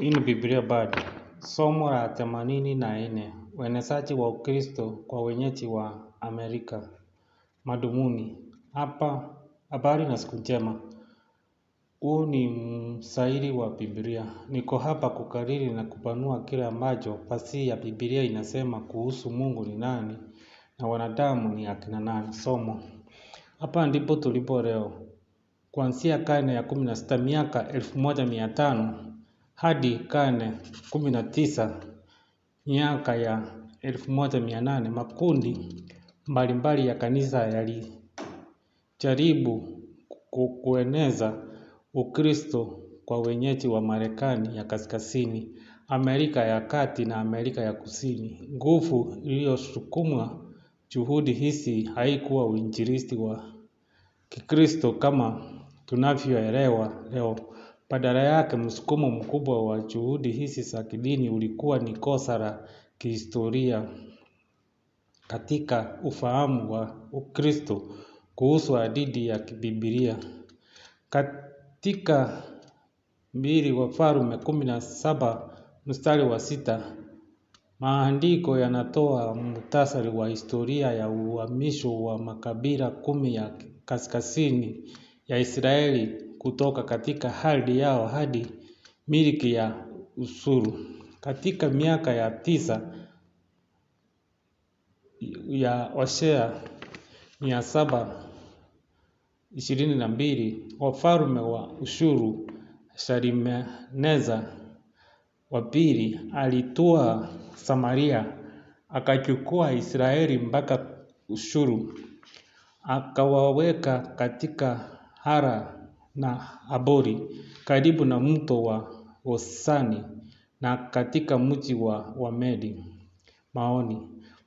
Hii ni Biblia Bard, somo la themanini na nne, uenezaji wa Ukristo kwa wenyeji wa Amerika. madumuni hapa, habari na siku njema. Huu ni msairi wa Biblia. Niko hapa kukariri na kupanua kile ambacho fasihi ya Biblia inasema kuhusu Mungu ni nani na wanadamu ni akina nani. Somo hapa ndipo tulipo leo, kuanzia karne ya kumi na sita miaka elfu moja mia tano hadi karne kumi na tisa miaka ya elfu moja mia nane makundi mbalimbali ya Kanisa yalijaribu kueneza Ukristo kwa wenyeji wa Marekani ya Kaskazini, Amerika ya Kati na Amerika ya Kusini. Nguvu iliyosukumwa juhudi hizi haikuwa uinjilisti wa Kikristo kama tunavyoelewa leo badala yake msukumo mkubwa wa juhudi hizi za kidini ulikuwa ni kosa la kihistoria katika ufahamu wa Ukristo kuhusu hadithi ya kibibilia Katika mbili Wafalme kumi na saba mstari wa sita maandiko yanatoa muhtasari wa historia ya uhamisho wa makabila kumi ya kaskazini ya Israeli kutoka katika ardhi yao hadi miliki ya Usuru. Katika miaka ya tisa ya Washea mia saba ishirini na mbili wafalme wa Ushuru Shalimeneza wa pili alitwaa Samaria akachukua Israeli mpaka Ushuru akawaweka katika Hara na Habori karibu na mto wa Osani na katika mji wa Wamedi. Maoni: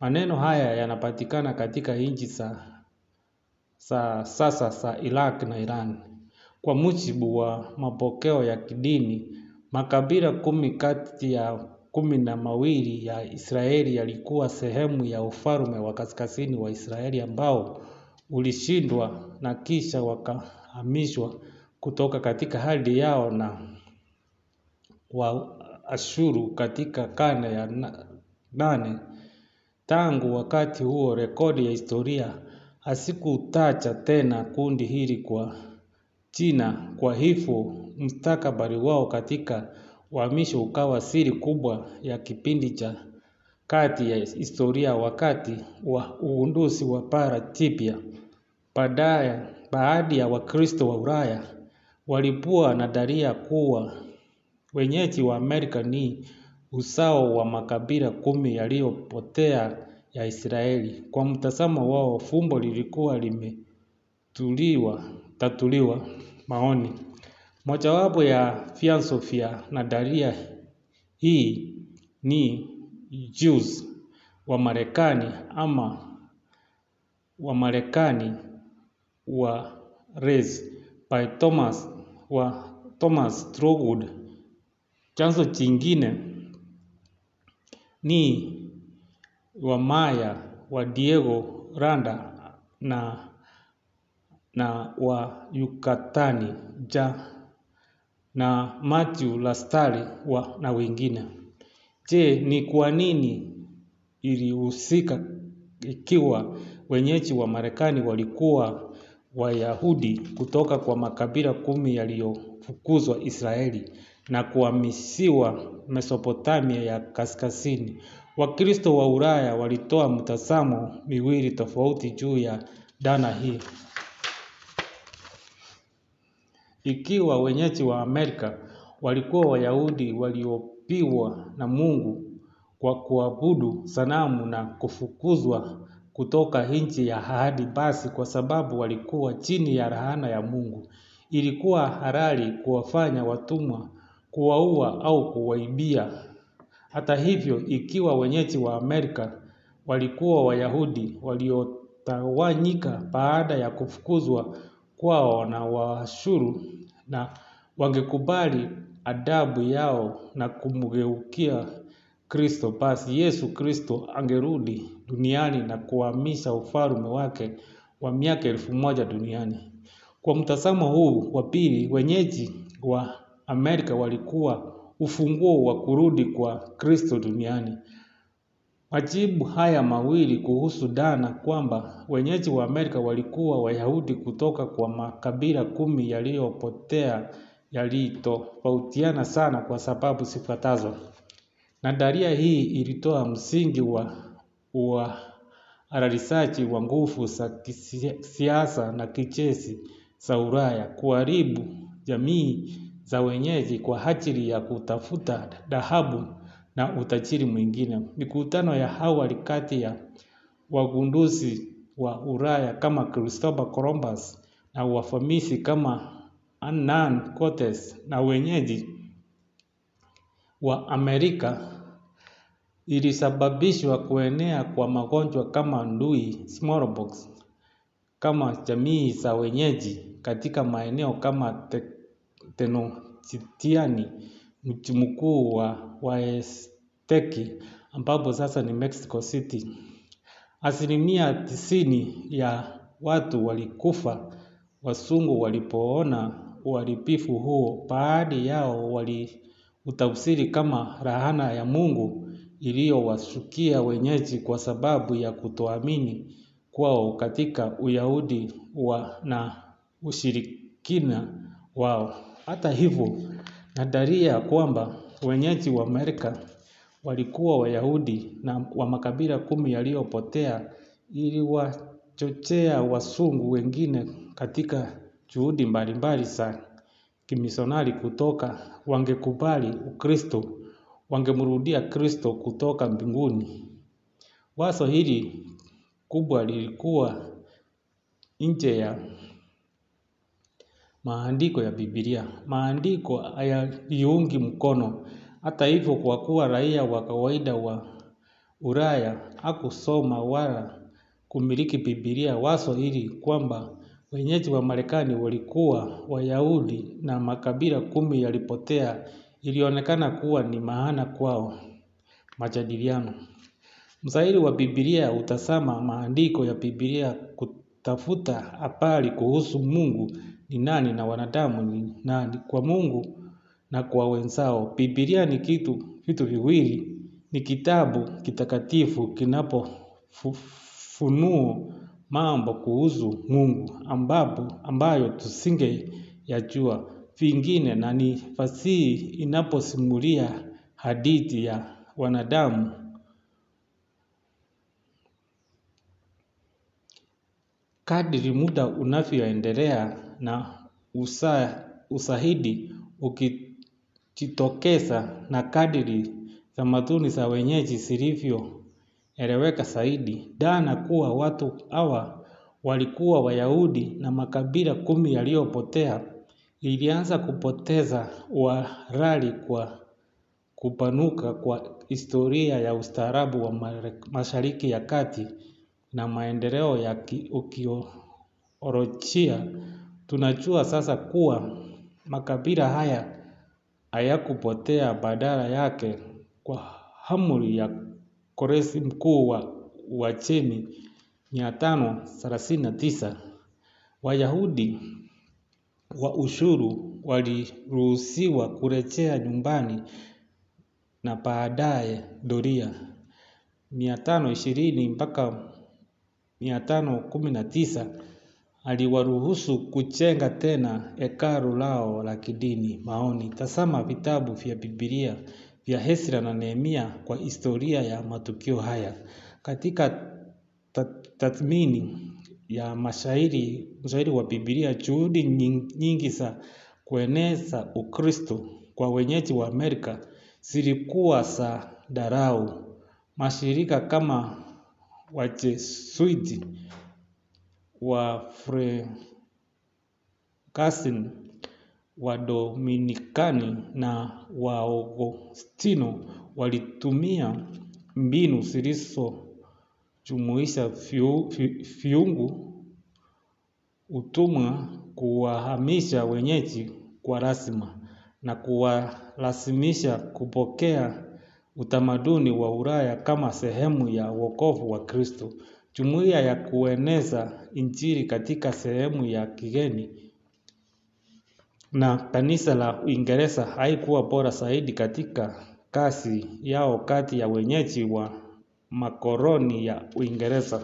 maneno haya yanapatikana katika nchi za sasa za Iraq na Iran. Kwa mujibu wa mapokeo ya kidini, makabila kumi kati ya kumi na mawili ya Israeli yalikuwa sehemu ya ufalme wa kaskazini wa Israeli ambao ulishindwa na kisha wakahamishwa kutoka katika hali yao na Waashuru katika karne ya nane. Tangu wakati huo, rekodi ya historia hasikutacha tena kundi hili kwa jina. Kwa hivyo, mustakabali wao katika uhamisho ukawa siri kubwa ya kipindi cha kati ya historia wakati wa ugunduzi wa bara jipya. Baadhi ya Wakristo wa Ulaya walikuwa nadharia kuwa wenyeji wa Amerika ni usao wa makabila kumi yaliyopotea ya Israeli. Kwa mtazamo wao, fumbo lilikuwa tatuliwa maoni. Mojawapo ya vyanzo vya nadharia hii ni Jews wa Marekani ama Wamarekani wa race by Thomas wa Thomas Throgood. Chanzo chingine ni wa maya wa Diego Randa na, na wa Yukatani ja na Matthew Lastari wa, na wengine. Je, ni kwa nini ilihusika ikiwa wenyeji wa Marekani walikuwa Wayahudi kutoka kwa makabila kumi yaliyofukuzwa Israeli na kuhamisiwa Mesopotamia ya Kaskazini. Wakristo wa Ulaya walitoa mtazamo miwili tofauti juu ya dhana hii. Ikiwa wenyeji wa Amerika walikuwa Wayahudi waliopiwa na Mungu kwa kuabudu sanamu na kufukuzwa kutoka nchi ya ahadi basi kwa sababu walikuwa chini ya rahana ya Mungu. Ilikuwa halali kuwafanya watumwa, kuwaua au kuwaibia. Hata hivyo, ikiwa wenyeji wa Amerika walikuwa Wayahudi waliotawanyika baada ya kufukuzwa kwao na Waashuru na wangekubali adabu yao na kumgeukia Kristo basi Yesu Kristo angerudi duniani na kuhamisha ufalme wake wa miaka elfu moja duniani. Kwa mtazamo huu wa pili, wenyeji wa Amerika walikuwa ufunguo wa kurudi kwa Kristo duniani. Majibu haya mawili kuhusu dana kwamba wenyeji wa Amerika walikuwa Wayahudi kutoka kwa makabila kumi yaliyopotea yalitofautiana sana kwa sababu zifuatazo. Nadharia hii ilitoa msingi wa uhalalishaji wa nguvu za kisiasa na kijeshi za Ulaya kuharibu jamii za wenyeji kwa ajili ya kutafuta dhahabu na utajiri mwingine. Mikutano ya awali kati ya wagunduzi wa Ulaya kama Christopher Columbus na wafamisi kama Hernan Cortes na wenyeji wa Amerika ilisababishwa kuenea kwa magonjwa kama ndui smallpox kama jamii za wenyeji katika maeneo kama Tenochtiani, mji mkuu wa waesteki ambapo sasa ni Mexico City. Asilimia tisini ya watu walikufa wasungu walipoona uharibifu huo. Baadhi yao waliutafsiri kama rahana ya Mungu iliyowashukia wenyeji kwa sababu ya kutoamini kwao katika Uyahudi na ushirikina wao. Hata hivyo, nadharia kwamba wenyeji wa Amerika walikuwa Wayahudi wa makabila kumi yaliyopotea iliwachochea wasungu wengine katika juhudi mbalimbali za kimisionari kutoka wangekubali Ukristo wangemrudia Kristo kutoka mbinguni. Wazo hili kubwa lilikuwa nje ya maandiko ya Biblia. Maandiko hayaliungi mkono. Hata hivyo, kwa kuwa raia wa kawaida wa Ulaya hakusoma wala kumiliki Biblia, wazo hili kwamba wenyeji wa Marekani walikuwa Wayahudi na makabila kumi yalipotea ilionekana kuwa ni maana kwao majadiliano. Mshairi wa Biblia utasama maandiko ya Biblia kutafuta habari kuhusu Mungu ni nani na wanadamu ni nani kwa Mungu na kwa wenzao. Biblia ni kitu vitu viwili, ni kitabu kitakatifu kinapofunuo mambo kuhusu Mungu ambapo ambayo tusinge yajua vingine na ni fasihi inaposimulia hadithi ya wanadamu. Kadri muda unavyoendelea na usahidi ukijitokeza na kadri tamaduni za wenyeji zilivyoeleweka zaidi, dhana kuwa watu hawa walikuwa Wayahudi na makabila kumi yaliyopotea lilianza kupoteza uhalali kwa kupanuka kwa historia ya ustaarabu wa Mashariki ya Kati na maendeleo ya kiikolojia Tunajua sasa kuwa makabila haya hayakupotea badala yake kwa amri ya Koresi mkuu wa Uajemi 539 Wayahudi wa ushuru waliruhusiwa kurejea nyumbani na baadaye doria 520 mpaka 519 aliwaruhusu kujenga tena hekalu lao la kidini. Maoni: tazama vitabu vya Biblia vya Ezra na Nehemia kwa historia ya matukio haya. Katika tathmini, ya mashairi mshairi wa Biblia juhudi nyingi za kueneza Ukristo kwa wenyeji wa Amerika zilikuwa za darau Mashirika kama Wajesuiti wa dominikani na Waagostino walitumia mbinu zilizo jumuisha viungu utumwa kuwahamisha wenyeji kwa rasima na kuwalazimisha kupokea utamaduni wa Ulaya kama sehemu ya wokovu wa Kristo. Jumuiya ya kueneza injiri katika sehemu ya kigeni na Kanisa la Uingereza haikuwa bora zaidi katika kazi yao kati ya wenyeji wa makoloni ya Uingereza.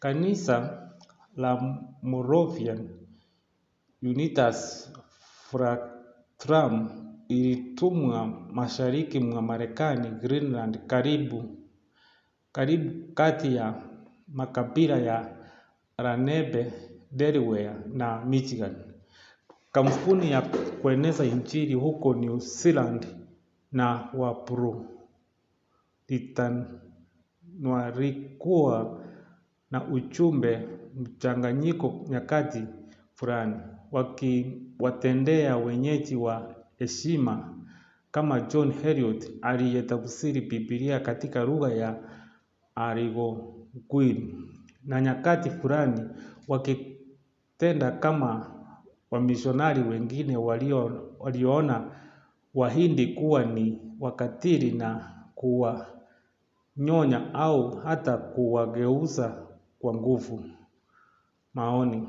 Kanisa la Moravian Unitas Fratrum ilitumwa mashariki mwa Marekani, Greenland, karibu karibu kati ya makabila ya ranebe Delaware na Michigan. Kampuni ya kueneza Injili huko New Zealand na Wapru litanwarikuwa na uchumbe mchanganyiko nyakati fulani wakiwatendea wenyeji wa heshima kama John Heriot aliyetafsiri Biblia katika lugha ya Algonquin na nyakati fulani wakitenda kama wamishonari wengine walioona Wahindi kuwa ni wakatili na kuwa kunyonya au hata kuwageuza kwa nguvu. Maoni: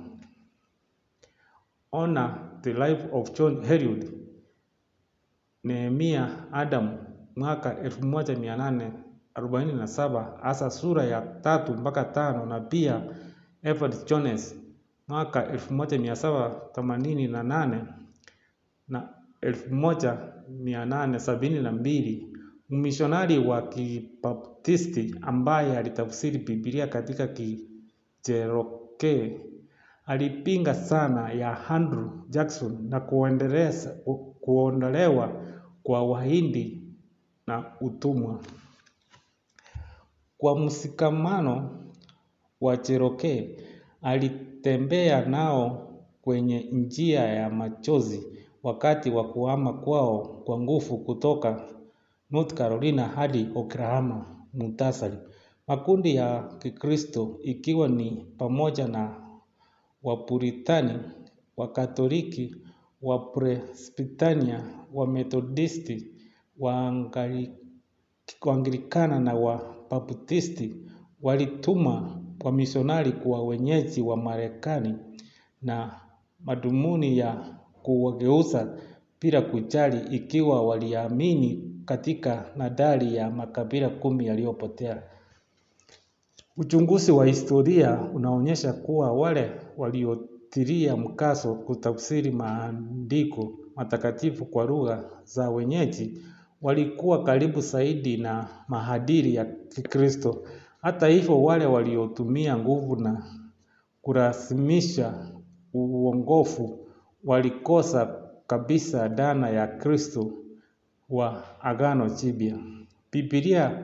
ona The Life of John Herriot, Nehemia Adam, mwaka 1847, hasa sura ya tatu mpaka tano, na pia Edward Jones mwaka 1788 na 1872 mmishonari wa kipap Baptisti ambaye alitafsiri Biblia katika Kicherokee alipinga sana ya Andrew Jackson na kuondolewa kwa Wahindi na utumwa. Kwa msikamano wa Cherokee alitembea nao kwenye njia ya machozi wakati wa kuhama kwao kwa nguvu kutoka North Carolina hadi Oklahoma. Muhtasari. Makundi ya Kikristo ikiwa ni pamoja na Wapuritani, Wakatoliki, Wapresbitania, Wamethodisti, Waanglikana na Wabaptisti walituma wamisionari kwa wenyeji wa Marekani na madhumuni ya kuwageuza bila kujali ikiwa waliamini katika nadhari ya makabila kumi yaliyopotea. Uchunguzi wa historia unaonyesha kuwa wale waliotilia mkazo kutafsiri maandiko matakatifu kwa lugha za wenyeji walikuwa karibu zaidi na mahadiri ya Kikristo. Hata hivyo, wale waliotumia nguvu na kurasimisha uongofu walikosa kabisa dhana ya Kristo wa Agano Jipya. Biblia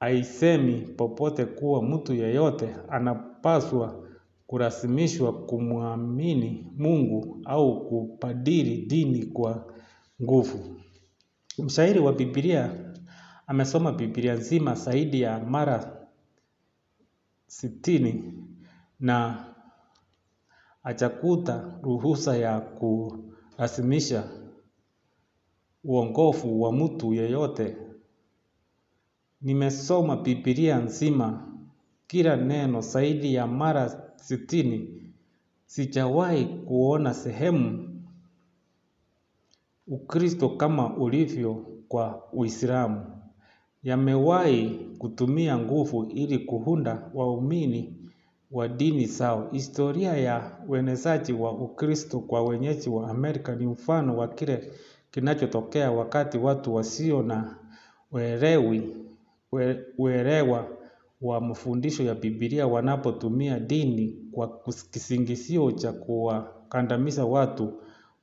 haisemi popote kuwa mtu yeyote anapaswa kurasimishwa kumwamini Mungu au kubadili dini kwa nguvu. Mshairi wa Biblia amesoma Biblia nzima zaidi ya mara sitini na achakuta ruhusa ya kurasimisha uongofu wa mtu yeyote. Nimesoma Biblia nzima kila neno zaidi ya mara sitini. Sijawahi kuona sehemu Ukristo kama ulivyo kwa Uislamu. Yamewahi kutumia nguvu ili kuunda waumini wa dini zao. Historia ya uenezaji wa Ukristo kwa wenyeji wa Amerika ni mfano wa kile kinachotokea wakati watu wasio na uelewi uelewa wa mafundisho ya Biblia wanapotumia dini kwa kisingizio cha kuwakandamiza watu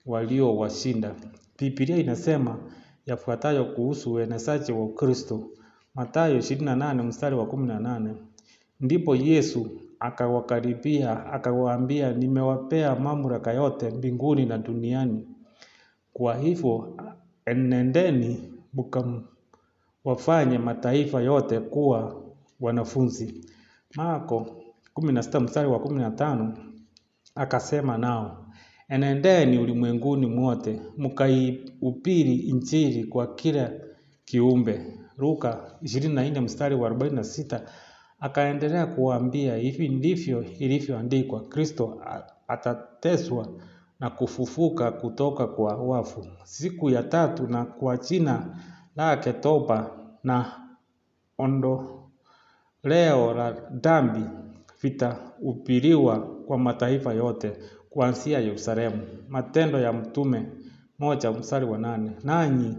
waliowashinda. Biblia inasema yafuatayo kuhusu uenezaji wa Ukristo. Mathayo 28 mstari wa 18. Ndipo Yesu akawakaribia akawaambia, nimewapea mamlaka yote mbinguni na duniani. Kwa hivyo enendeni mkawafanye mataifa yote kuwa wanafunzi. Marko 16 mstari wa 15 akasema nao, enendeni ulimwenguni mwote mkaihubiri injili kwa kila kiumbe. Luka 24 mstari wa 46 akaendelea kuwaambia, hivi ndivyo ilivyoandikwa, Kristo atateswa na kufufuka kutoka kwa wafu siku ya tatu na kwa jina lake toba na ondoleo la dhambi vitahubiriwa kwa mataifa yote kuanzia Yerusalemu. Matendo ya Mtume moja mstari wa nane. Nanyi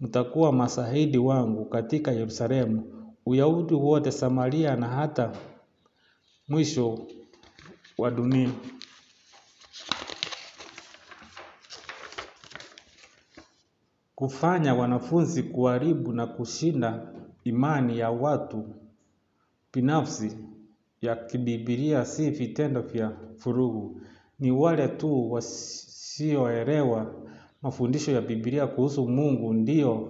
mtakuwa mashahidi wangu katika Yerusalemu, Uyahudi wote, Samaria na hata mwisho wa dunia. kufanya wanafunzi kuharibu na kushinda imani ya watu binafsi ya kibibilia si vitendo vya furugu. Ni wale tu wasioelewa mafundisho ya Biblia kuhusu Mungu ndio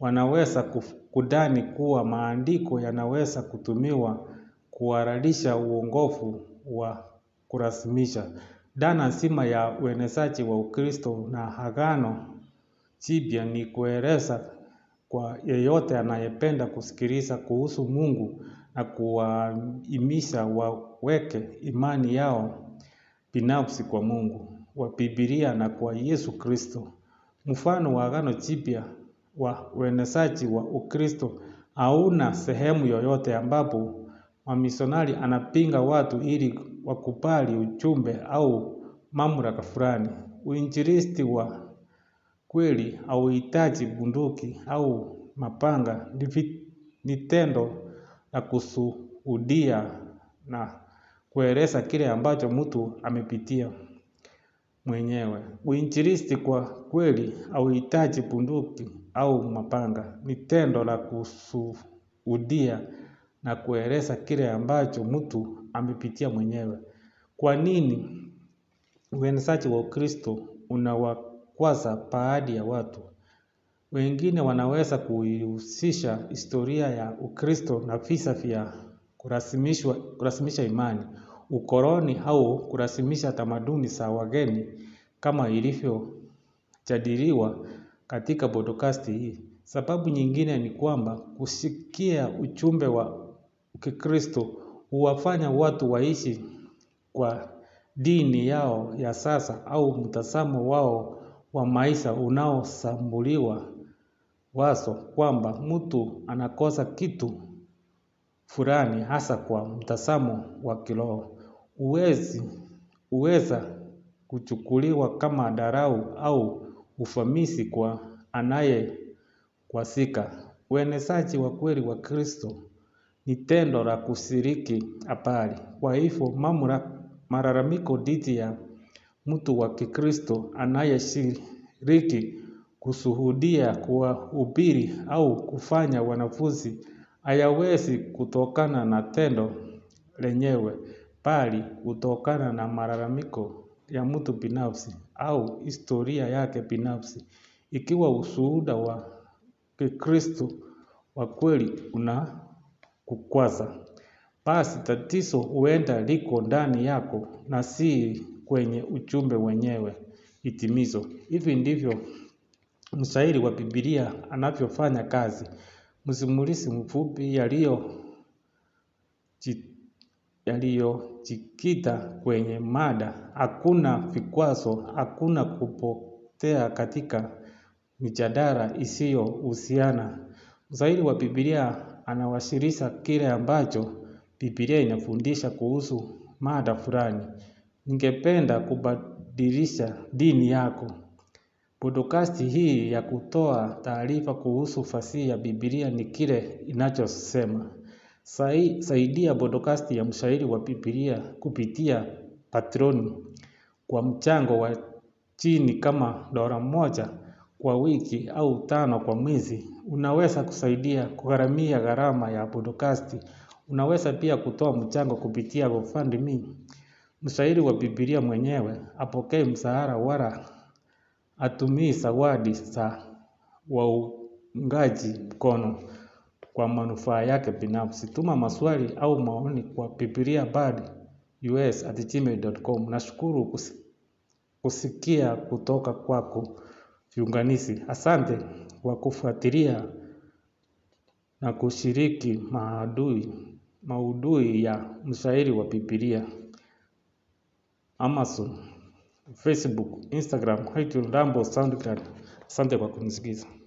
wanaweza kudani kuwa maandiko yanaweza kutumiwa kuhalalisha uongofu wa kurasimisha. Dhana nzima ya uenezaji wa Ukristo na Agano Jipya ni kueleza kwa yeyote anayependa kusikiliza kuhusu Mungu na kuwahimiza waweke imani yao binafsi kwa Mungu wa Biblia na kwa Yesu Kristo. Mfano wa Agano Jipya wa uenezaji wa Ukristo hauna sehemu yoyote ambapo wamisionari anapinga watu ili wakubali ujumbe au mamlaka fulani. Uinjilisti wa kweli hauhitaji bunduki au mapanga ni tendo la kusuhudia na kueleza kile ambacho mtu amepitia mwenyewe. Uinjilisti kwa kweli hauhitaji bunduki au mapanga ni tendo la kusuhudia na kueleza kile ambacho mtu amepitia mwenyewe. Kwa nini uenezaji wa ukristo unawa kwanza, baadhi ya watu wengine wanaweza kuihusisha historia ya Ukristo na visa vya kurasimisha imani, ukoloni au kurasimisha tamaduni za wageni kama ilivyojadiliwa katika podcast hii. Sababu nyingine ni kwamba kusikia uchumbe wa Kikristo huwafanya watu waishi kwa dini yao ya sasa au mtazamo wao wa maisha unaosambuliwa wazo kwamba mtu anakosa kitu fulani hasa kwa mtazamo wa kiroho uwezi uweza kuchukuliwa kama dharau au ufamisi kwa anaye kwasika Uenezaji wa kweli wa kristo ni tendo la kushiriki habari. Kwa hivyo malalamiko dhidi ya mtu wa Kikristo anayeshiriki kushuhudia, kuwahubiri au kufanya wanafunzi hayawezi kutokana na tendo lenyewe, bali kutokana na malalamiko ya mtu binafsi au historia yake binafsi. Ikiwa ushuhuda wa Kikristo wa kweli una kukwaza basi tatizo huenda liko ndani yako na si kwenye ujumbe wenyewe itimizo. Hivi ndivyo mshairi wa Biblia anavyofanya kazi. Msimulizi mfupi yaliyojikita kwenye mada. Hakuna vikwazo, hakuna kupotea katika mijadala isiyohusiana. Mshairi wa Biblia anawasilisha kile ambacho Biblia inafundisha kuhusu mada fulani. Ningependa kubadilisha dini yako. Podokasti hii ya kutoa taarifa kuhusu fasihi ya Biblia ni kile inachosema. Saidia podokasti ya mshairi wa Biblia kupitia patroni kwa mchango wa chini kama dola moja kwa wiki au tano kwa mwezi. Unaweza kusaidia kugharamia gharama ya podokasti. Unaweza pia kutoa mchango kupitia GoFundMe Mshairi wa Biblia mwenyewe apokee msahara wala atumii zawadi za waungaji mkono kwa manufaa yake binafsi. Tuma maswali au maoni kwa us gmail.com. Nashukuru kusikia kutoka kwako viunganishi. Asante kwa kufuatilia na kushiriki maudhui ya mshairi wa Biblia. Amazon, Facebook, Instagram, iTunes, Rambo, SoundCloud. Asante kwa kunisikiza.